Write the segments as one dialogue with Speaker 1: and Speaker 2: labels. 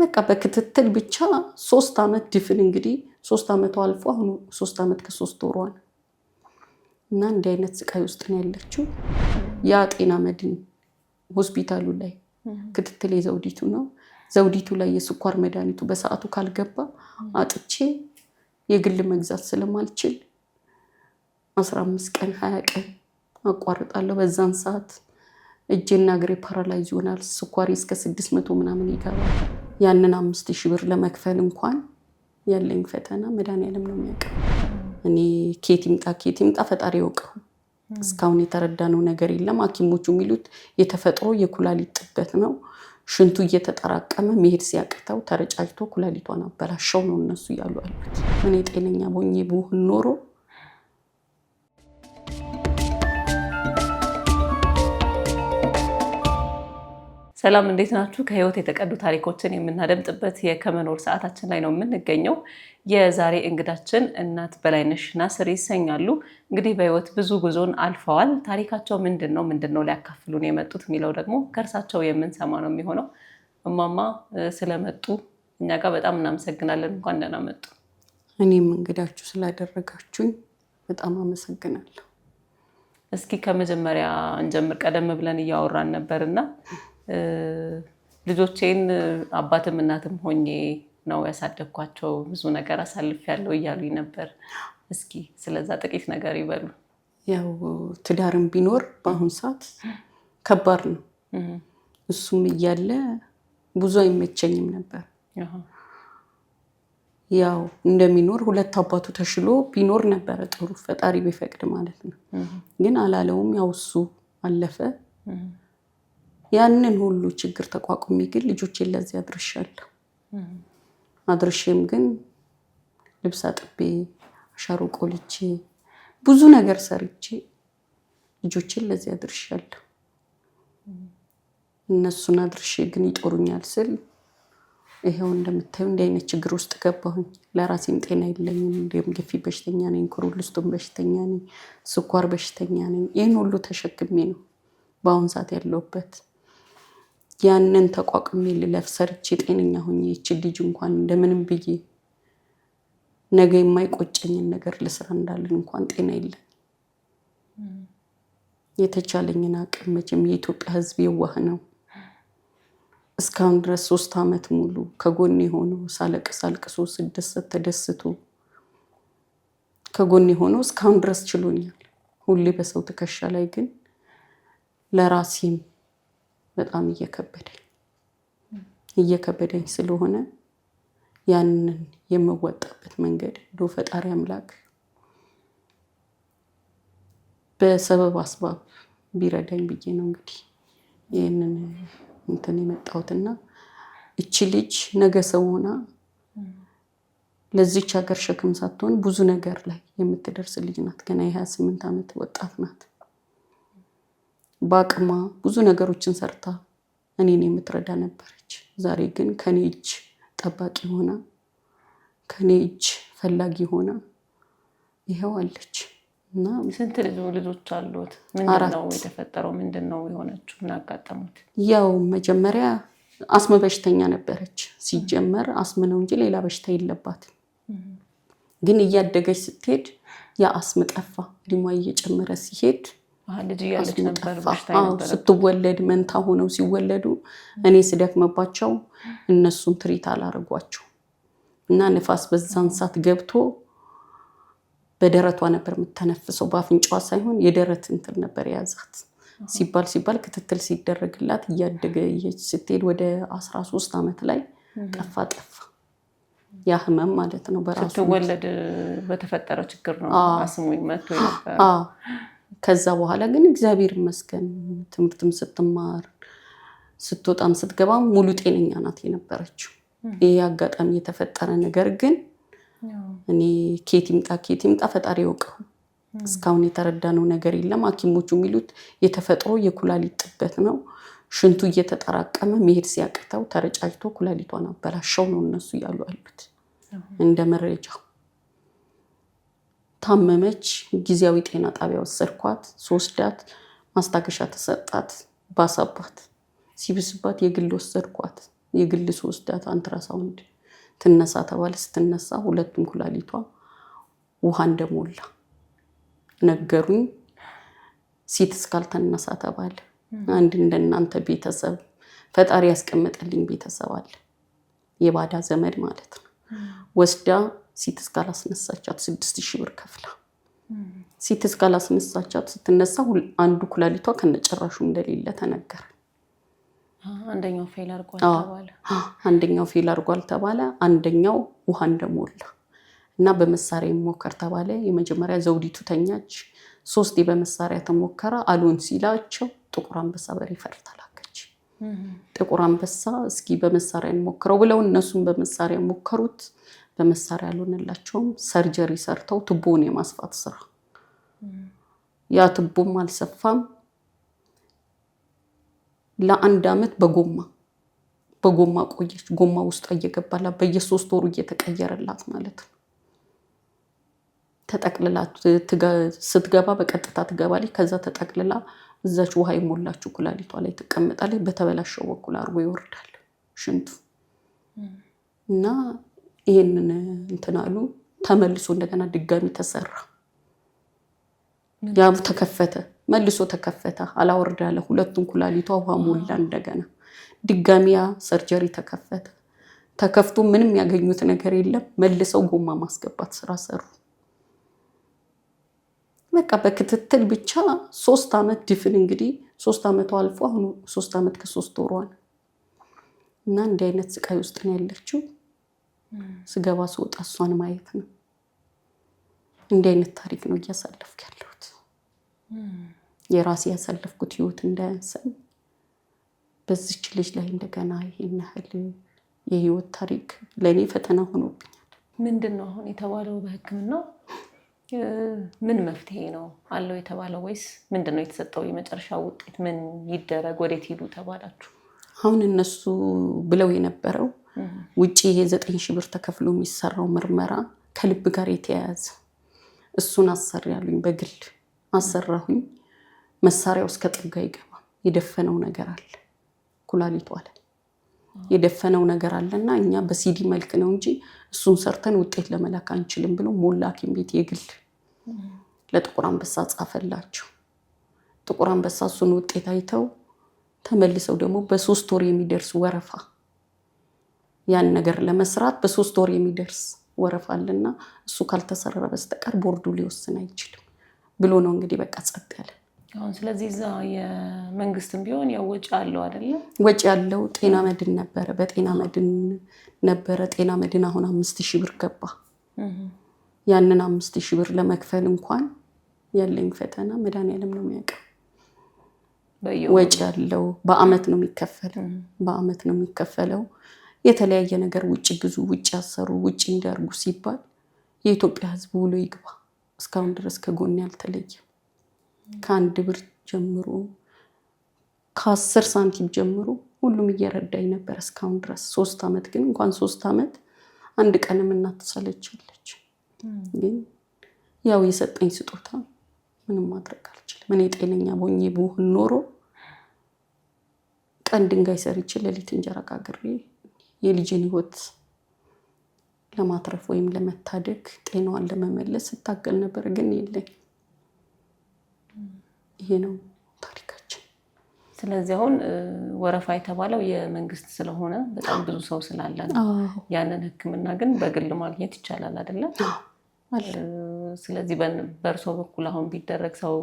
Speaker 1: በቃ በክትትል ብቻ ሶስት ዓመት ድፍን እንግዲህ ሶስት ዓመቱ አልፎ አሁኑ ሶስት ዓመት ከሶስት ወሯል እና እንዲህ አይነት ስቃይ ውስጥ ነው ያለችው። ያ ጤና መድን ሆስፒታሉ ላይ ክትትል የዘውዲቱ ነው። ዘውዲቱ ላይ የስኳር መድኃኒቱ በሰዓቱ ካልገባ አጥቼ የግል መግዛት ስለማልችል አስራ አምስት ቀን ሀያ ቀን አቋርጣለሁ። በዛን ሰዓት እጄና እግሬ ፓራላይዝ ይሆናል። ስኳሪ እስከ ስድስት መቶ ምናምን ይገባል። ያንን አምስት ሺህ ብር ለመክፈል እንኳን ያለኝ ፈተና መድኃኒዓለም ነው የሚያውቀው። እኔ ኬት ይምጣ ኬት ይምጣ ፈጣሪ ያውቀው። እስካሁን የተረዳነው ነገር የለም። ሐኪሞቹ የሚሉት የተፈጥሮ የኩላሊት ጥበት ነው። ሽንቱ እየተጠራቀመ መሄድ ሲያቅተው ተረጫጭቶ ኩላሊቷን አበላሸው ነው እነሱ እያሉ አሉት። እኔ ጤነኛ ቦኜ ብሆን ኖሮ
Speaker 2: ሰላም እንዴት ናችሁ? ከህይወት የተቀዱ ታሪኮችን የምናደምጥበት የከመኖር ሰዓታችን ላይ ነው የምንገኘው። የዛሬ እንግዳችን እናት በላይነሽ ናስር ይሰኛሉ። እንግዲህ በህይወት ብዙ ጉዞን አልፈዋል። ታሪካቸው ምንድን ነው ምንድን ነው ሊያካፍሉን የመጡት የሚለው ደግሞ ከእርሳቸው የምንሰማ ነው የሚሆነው። እማማ ስለመጡ እኛ ጋር በጣም እናመሰግናለን። እንኳን ደህና መጡ።
Speaker 1: እኔም እንግዳችሁ ስላደረጋችሁኝ በጣም አመሰግናለሁ።
Speaker 2: እስኪ ከመጀመሪያ እንጀምር። ቀደም ብለን እያወራን ነበር እና ልጆቼን አባትም እናትም ሆኜ ነው ያሳደግኳቸው። ብዙ ነገር ያለው እያሉኝ ነበር። እስኪ ስለዛ ጥቂት ነገር ይበሉ።
Speaker 1: ያው ትዳርም ቢኖር በአሁን ሰዓት ከባድ ነው። እሱም እያለ ብዙ አይመቸኝም ነበር። ያው እንደሚኖር ሁለት አባቱ ተሽሎ ቢኖር ነበረ ጥሩ፣ ፈጣሪ ቢፈቅድ ማለት ነው። ግን አላለውም። ያው እሱ አለፈ። ያንን ሁሉ ችግር ተቋቁሜ ግን ልጆቼን ለዚህ አድርሻለሁ። አድርሼም ግን ልብስ አጥቤ አሻሮ ቆልቼ ብዙ ነገር ሰርቼ ልጆቼን ለዚህ አድርሻለሁ። እነሱን አድርሼ ግን ይጦሩኛል ስል ይሄው እንደምታዩ እንዲህ አይነት ችግር ውስጥ ገባሁኝ። ለራሴም ጤና የለኝም። እንዲሁም ግፊ በሽተኛ ነኝ፣ ኮሮልስቶም በሽተኛ ነኝ፣ ስኳር በሽተኛ ነኝ። ይህን ሁሉ ተሸክሜ ነው በአሁን ሰዓት ያለሁበት። ያንን ተቋቁሜ ልለፍ ሰርቼ ጤነኛ ሁ ይቺ ልጅ እንኳን እንደምንም ብዬ ነገ የማይቆጨኝን ነገር ልስራ እንዳለን እንኳን ጤና የለን። የተቻለኝን አቅም መቼም የኢትዮጵያ ሕዝብ የዋህ ነው። እስካሁን ድረስ ሶስት ዓመት ሙሉ ከጎን ሆኖ ሳለቅስ አልቅሶ ስደሰት ተደስቶ ከጎን የሆነው እስካሁን ድረስ ችሎኛል። ሁሌ በሰው ትከሻ ላይ ግን ለራሴም በጣም እየከበደኝ እየከበደኝ ስለሆነ ያንን የምወጣበት መንገድ ዶ ፈጣሪ አምላክ በሰበብ አስባብ ቢረዳኝ ብዬ ነው እንግዲህ ይህንን እንትን የመጣሁትና እቺ ልጅ ነገ ሰው ሆና ለዚች ሀገር ሸክም ሳትሆን ብዙ ነገር ላይ የምትደርስ ልጅ ናት። ገና የሀያ ስምንት ዓመት ወጣት ናት። በአቅማ ብዙ ነገሮችን ሰርታ እኔን የምትረዳ ነበረች። ዛሬ ግን ከኔ እጅ ጠባቂ ሆና ከኔ እጅ ፈላጊ ሆና ይኸው አለች። እና
Speaker 2: ስንት ልጆች አሉት? ምንድነው የተፈጠረው? ምንድነው የሆነችው? ምን አጋጠሙት?
Speaker 1: ያው መጀመሪያ አስም በሽተኛ ነበረች። ሲጀመር አስም ነው እንጂ ሌላ በሽታ የለባትም። ግን እያደገች ስትሄድ የአስም ጠፋ። ዕድሜዋ እየጨመረ ሲሄድ ልጅ እያለች ነበር ስትወለድ መንታ ሆነው ሲወለዱ እኔ ስደክመባቸው እነሱን ትሪት አላረጓቸው እና ንፋስ በዛን ሰዓት ገብቶ በደረቷ ነበር የምተነፍሰው። በአፍንጫዋ ሳይሆን የደረት እንትን ነበር የያዛት። ሲባል ሲባል ክትትል ሲደረግላት እያደገ ስትሄድ ወደ አስራ ሶስት ዓመት ላይ ጠፋ ጠፋ ያ ህመም ማለት ነው። በራሱ
Speaker 2: ስትወለድ በተፈጠረ ችግር ነው አስሙኝ መቶ ነበር
Speaker 1: ከዛ በኋላ ግን እግዚአብሔር ይመስገን ትምህርትም ስትማር ስትወጣም ስትገባ ሙሉ ጤነኛ ናት የነበረችው። ይሄ አጋጣሚ የተፈጠረ ነገር ግን እኔ ኬት ይምጣ ኬት ይምጣ ፈጣሪ ያውቀው እስካሁን የተረዳነው ነገር የለም። ሐኪሞቹ የሚሉት የተፈጥሮ የኩላሊት ጥበት ነው። ሽንቱ እየተጠራቀመ መሄድ ሲያቅተው ተረጫጭቶ ኩላሊቷን አበላሸው ነው እነሱ እያሉ አሉት እንደ መረጃ ታመመች። ጊዜያዊ ጤና ጣቢያ ወሰድኳት። ሶስዳት ማስታገሻ ተሰጣት። ባሳባት ሲብስባት የግል ወሰድኳት። የግል ሶስዳት አንትራሳውንድ ትነሳ ተባለ። ስትነሳ ሁለቱም ኩላሊቷ ውሃ እንደሞላ ነገሩኝ። ሲት እስካል ተነሳ ተባለ። አንድ እንደናንተ ቤተሰብ ፈጣሪ ያስቀመጠልኝ ቤተሰብ አለ የባዳ ዘመድ ማለት ነው ወስዳ ሲትስ ጋር አስነሳቻት። ስድስት ሺህ ብር ከፍላ ሲትስ ጋር አስነሳቻት። ስትነሳ አንዱ ኩላሊቷ ከነጨራሹ እንደሌለ ተነገረ።
Speaker 2: አንደኛው ፌል አርጓል ተባለ።
Speaker 1: አንደኛው ፌል አድርጓል ተባለ። አንደኛው ውሃ እንደሞላ እና በመሳሪያ የሚሞከር ተባለ። የመጀመሪያ ዘውዲቱ ተኛች። ሶስቴ በመሳሪያ ተሞከረ። አሉን ሲላቸው ጥቁር አንበሳ በሪፈር ተላከች። ጥቁር አንበሳ እስኪ በመሳሪያ እንሞክረው ብለው እነሱም በመሳሪያ ሞከሩት። በመሳሪያ አልሆነላቸውም። ሰርጀሪ ሰርተው ቱቦን የማስፋት ስራ ያ ቱቦም አልሰፋም። ለአንድ አመት በጎማ በጎማ ቆየች። ጎማ ውስጧ እየገባላት በየሶስት ወሩ እየተቀየረላት ማለት ነው። ተጠቅልላ ስትገባ በቀጥታ ትገባለች። ከዛ ተጠቅልላ እዛች ውሃ የሞላችው ኩላሊቷ ላይ ትቀመጣለች። በተበላሸው በኩል አርጎ ይወርዳል ሽንቱ እና ይሄንን እንትን አሉ። ተመልሶ እንደገና ድጋሚ ተሰራ። ያ ተከፈተ፣ መልሶ ተከፈተ። አላወርድ ያለ ሁለቱን ኩላሊቷ ውሃ ሞላ። እንደገና ድጋሚ ያ ሰርጀሪ ተከፈተ። ተከፍቶ ምንም ያገኙት ነገር የለም። መልሰው ጎማ ማስገባት ስራ ሰሩ። በቃ በክትትል ብቻ ሶስት አመት ድፍን እንግዲህ ሶስት አመቷ አልፎ አሁኑ ሶስት አመት ከሶስት ወሯ ነው እና እንዲህ አይነት ስቃይ ውስጥ ነው ያለችው። ስገባ ስወጣ እሷን ማየት ነው። እንዲህ አይነት ታሪክ ነው እያሳለፍኩ ያለሁት። የራሴ ያሳለፍኩት ህይወት እንዳያንሰኝ በዚች ልጅ ላይ እንደገና ይሄን ያህል የህይወት ታሪክ ለእኔ ፈተና ሆኖብኛል።
Speaker 2: ምንድን ነው አሁን የተባለው በህክምናው ምን መፍትሄ ነው አለው የተባለው? ወይስ ምንድን ነው የተሰጠው የመጨረሻ ውጤት? ምን ይደረግ ወዴት ሂዱ ተባላችሁ?
Speaker 1: አሁን እነሱ ብለው የነበረው ውጭ ይሄ ዘጠኝ ሺህ ብር ተከፍሎ የሚሰራው ምርመራ ከልብ ጋር የተያያዘ እሱን አሰር ያሉኝ በግል አሰራሁኝ። መሳሪያው እስከ ጥጋ አይገባም። የደፈነው ነገር አለ ኩላሊቷ አለ የደፈነው ነገር እና እኛ በሲዲ መልክ ነው እንጂ እሱን ሰርተን ውጤት ለመላክ አንችልም ብሎ ሞላ ሐኪም ቤት የግል ለጥቁር አንበሳ ጻፈላቸው። ጥቁር አንበሳ እሱን ውጤት አይተው ተመልሰው ደግሞ በሶስት ወር የሚደርስ ወረፋ ያን ነገር ለመስራት በሶስት ወር የሚደርስ ወረፋ አለና እሱ ካልተሰራ በስተቀር ቦርዱ ሊወስን አይችልም ብሎ ነው እንግዲህ በቃ ጸጥ ያለ።
Speaker 2: ስለዚህ እዛ የመንግስትም ቢሆን ያው ወጪ አለው አይደለም፣
Speaker 1: ወጪ ያለው ጤና መድን ነበረ፣ በጤና መድን ነበረ። ጤና መድን አሁን አምስት ሺህ ብር ገባ። ያንን አምስት ሺህ ብር ለመክፈል እንኳን ያለኝ ፈተና መድኃኒዓለም ነው የሚያውቀው። ወጪ ያለው በአመት ነው የሚከፈለው፣ በአመት ነው የሚከፈለው። የተለያየ ነገር ውጭ ግዙ፣ ውጭ ያሰሩ፣ ውጭ እንዲያርጉ ሲባል የኢትዮጵያ ሕዝብ ውሎ ይግባ እስካሁን ድረስ ከጎን አልተለየም። ከአንድ ብር ጀምሮ ከአስር ሳንቲም ጀምሮ ሁሉም እየረዳኝ ነበር እስካሁን ድረስ ሶስት ዓመት ግን እንኳን ሶስት ዓመት አንድ ቀንም እናት ተሰለቻለች። ግን ያው የሰጠኝ ስጦታ ምንም ማድረግ አልችልም። እኔ ጤነኛ ቦኜ ብሆን ኖሮ ቀን ድንጋይ ሰርቼ ሌሊት እንጀራ ጋግሬ የልጅን ህይወት ለማትረፍ ወይም ለመታደግ ጤናዋን ለመመለስ ስታገል ነበር፣ ግን የለኝ። ይሄ ነው ታሪካችን።
Speaker 2: ስለዚህ አሁን ወረፋ የተባለው የመንግስት ስለሆነ በጣም ብዙ ሰው ስላለ ያንን ህክምና ግን በግል ማግኘት ይቻላል አይደለም? ስለዚህ በእርሶ በኩል አሁን ቢደረግ ሰው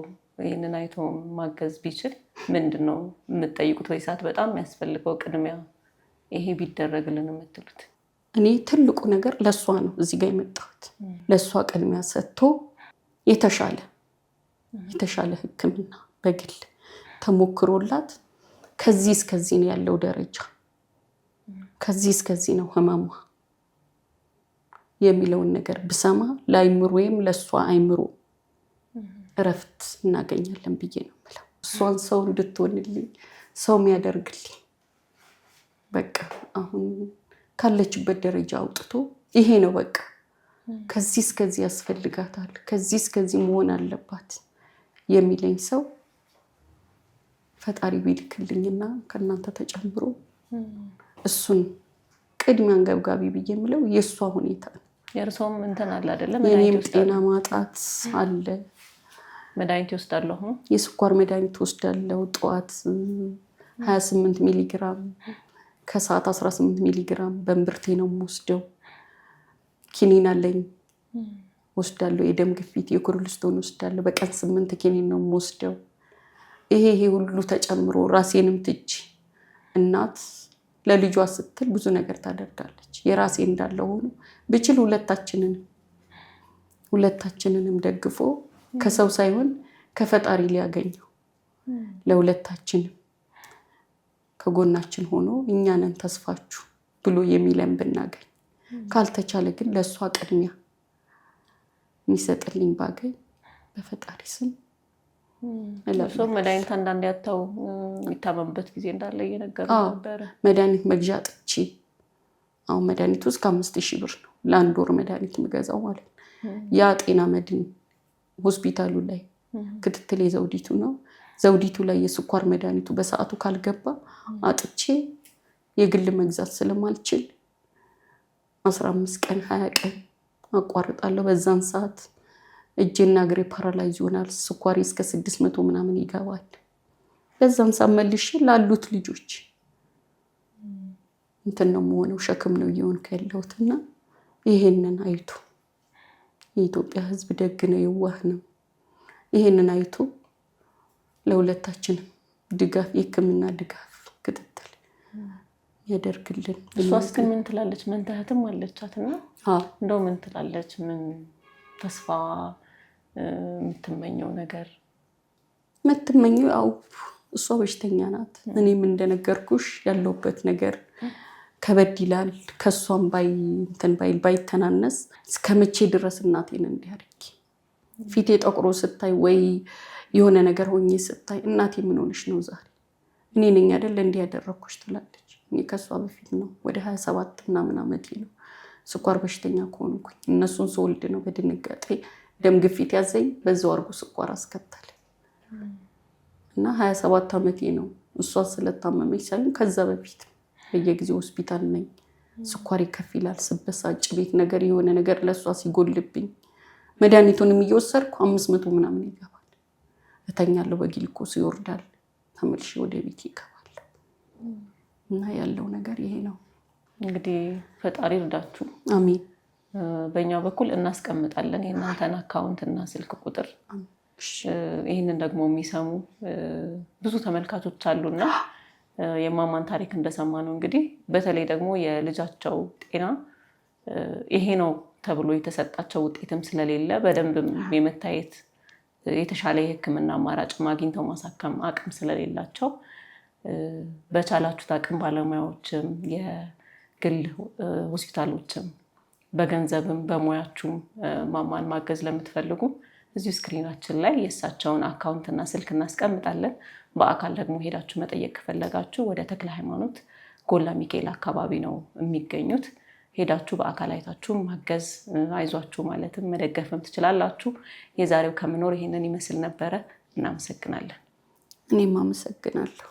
Speaker 2: ይህንን አይቶ ማገዝ ቢችል ምንድን ነው የምትጠይቁት? ወይ ሰዓት በጣም የሚያስፈልገው ቅድሚያ ይሄ ቢደረግልን የምትሉት?
Speaker 1: እኔ ትልቁ ነገር ለእሷ ነው እዚህ ጋር የመጣሁት። ለእሷ ቅድሚያ ሰጥቶ የተሻለ የተሻለ ሕክምና በግል ተሞክሮላት ከዚህ እስከዚህ ነው ያለው ደረጃ፣ ከዚህ እስከዚህ ነው ህመሟ የሚለውን ነገር ብሰማ ለአይምሮ ወይም ለእሷ አይምሮ እረፍት እናገኛለን ብዬ ነው የምለው። እሷን ሰው እንድትሆንልኝ ሰው የሚያደርግልኝ በቃ አሁን ካለችበት ደረጃ አውጥቶ ይሄ ነው በቃ ከዚህ እስከዚህ ያስፈልጋታል፣ ከዚህ እስከዚህ መሆን አለባት የሚለኝ ሰው ፈጣሪ ቢልክልኝና ከእናንተ ተጨምሮ እሱን ቅድሚያ አንገብጋቢ ብዬ የምለው የእሷ ሁኔታ ነው።
Speaker 2: የእርሶም እንትን አለ አይደለም። የኔም ጤና ማጣት አለ። መድኃኒት ይወስዳለሁ፣
Speaker 1: የስኳር መድኃኒት ወስዳለው። ጠዋት ሀያ ስምንት ሚሊግራም ከሰዓት 18 ሚሊግራም በእምብርቴ ነው የምወስደው። ኪኒን አለኝ ወስዳለሁ። የደም ግፊት፣ የኩርልስቶን ወስዳለሁ። በቀን ስምንት ኪኒን ነው የምወስደው። ይሄ ይሄ ሁሉ ተጨምሮ ራሴንም ትች እናት ለልጇ ስትል ብዙ ነገር ታደርጋለች። የራሴ እንዳለ ሆኖ ብችል ሁለታችንንም ሁለታችንንም ደግፎ ከሰው ሳይሆን ከፈጣሪ ሊያገኘው ለሁለታችንም ከጎናችን ሆኖ እኛንን ተስፋችሁ ብሎ የሚለን ብናገኝ፣ ካልተቻለ ግን ለእሷ ቅድሚያ የሚሰጥልኝ ባገኝ በፈጣሪ ስም
Speaker 2: እሱም መድኃኒት አንዳንድ ያታው የሚታመምበት ጊዜ እንዳለ እየነገሩ ነበረ።
Speaker 1: መድኃኒት መግዣ ጥቼ አሁን መድኃኒቱ እስከ አምስት ሺህ ብር ነው ለአንድ ወር መድኃኒት የምገዛው ማለት ነው። ያ ጤና መድን ሆስፒታሉ ላይ ክትትል የዘውዲቱ ነው ዘውዲቱ ላይ የስኳር መድኃኒቱ በሰዓቱ ካልገባ አጥቼ የግል መግዛት ስለማልችል አስራ አምስት ቀን ሀያ ቀን አቋርጣለሁ። በዛን ሰዓት እጄና እግሬ ፓራላይዝ ይሆናል። ስኳሪ እስከ ስድስት መቶ ምናምን ይገባል። በዛን ሰዓት መልሼ ላሉት ልጆች እንትን ነው መሆነው ሸክም ነው እየሆንኩ ያለሁት እና ይሄንን አይቶ የኢትዮጵያ ሕዝብ ደግ ነው፣ የዋህ ነው። ይሄንን አይቶ ለሁለታችንም ድጋፍ የህክምና ድጋፍ ክትትል ያደርግልን።
Speaker 2: እሷ እስኪ ምን ትላለች? መንታህትም አለቻት እና እንደው ምን ትላለች? ምን ተስፋ የምትመኘው ነገር
Speaker 1: የምትመኘው ያው እሷ በሽተኛ ናት። እኔም እንደነገርኩሽ ያለውበት ነገር ከበድ ይላል። ከእሷም እንትን ባይል ባይተናነስ እስከ መቼ ድረስ እናቴን እንዲያደርጊ ፊቴ ጠቁሮ ስታይ ወይ የሆነ ነገር ሆኜ ስታይ እናቴ ምን ሆነሽ ነው ዛሬ እኔ ነኝ አይደል እንዲህ ያደረግኩሽ ትላለች። እኔ ከእሷ በፊት ነው ወደ ሀያ ሰባት ምናምን ዓመቴ ነው ስኳር በሽተኛ ከሆንኩኝ እነሱን ስወልድ ነው በድንጋጤ ደም ግፊት ያዘኝ፣ በዛው አድርጎ ስኳር አስከተለ እና ሀያ ሰባት ዓመቴ ነው እሷ ስለታመመች ሳይሆን ከዛ በፊት በየጊዜው ሆስፒታል ነኝ። ስኳር ከፍ ይላል፣ ስበሳጭ ቤት ነገር የሆነ ነገር ለእሷ ሲጎልብኝ መድኃኒቱንም እየወሰድኩ አምስት መቶ ምናምን ይገባል እተኛለሁ፣ በግሊኮስ ይወርዳል፣ ተመልሼ ወደ ቤት ይገባል። እና ያለው ነገር ይሄ ነው።
Speaker 2: እንግዲህ ፈጣሪ እርዳችሁ። አሜን። በእኛ በኩል እናስቀምጣለን የእናንተን አካውንት እና ስልክ ቁጥር። ይህንን ደግሞ የሚሰሙ ብዙ ተመልካቾች አሉና የማማን ታሪክ እንደሰማ ነው እንግዲህ በተለይ ደግሞ የልጃቸው ጤና ይሄ ነው ተብሎ የተሰጣቸው ውጤትም ስለሌለ በደንብም የመታየት የተሻለ የህክምና አማራጭ አግኝተው ማሳከም አቅም ስለሌላቸው በቻላችሁት አቅም ባለሙያዎችም የግል ሆስፒታሎችም በገንዘብም በሙያችሁም ማማን ማገዝ ለምትፈልጉ እዚሁ ስክሪናችን ላይ የእሳቸውን አካውንትና ስልክ እናስቀምጣለን። በአካል ደግሞ ሄዳችሁ መጠየቅ ከፈለጋችሁ ወደ ተክለ ሃይማኖት ጎላ ሚካኤል አካባቢ ነው የሚገኙት። ሄዳችሁ በአካል አይታችሁ ማገዝ፣ አይዟችሁ ማለትም መደገፍም ትችላላችሁ። የዛሬው ከምኖር ይሄንን ይመስል ነበረ። እናመሰግናለን።
Speaker 1: እኔም አመሰግናለሁ።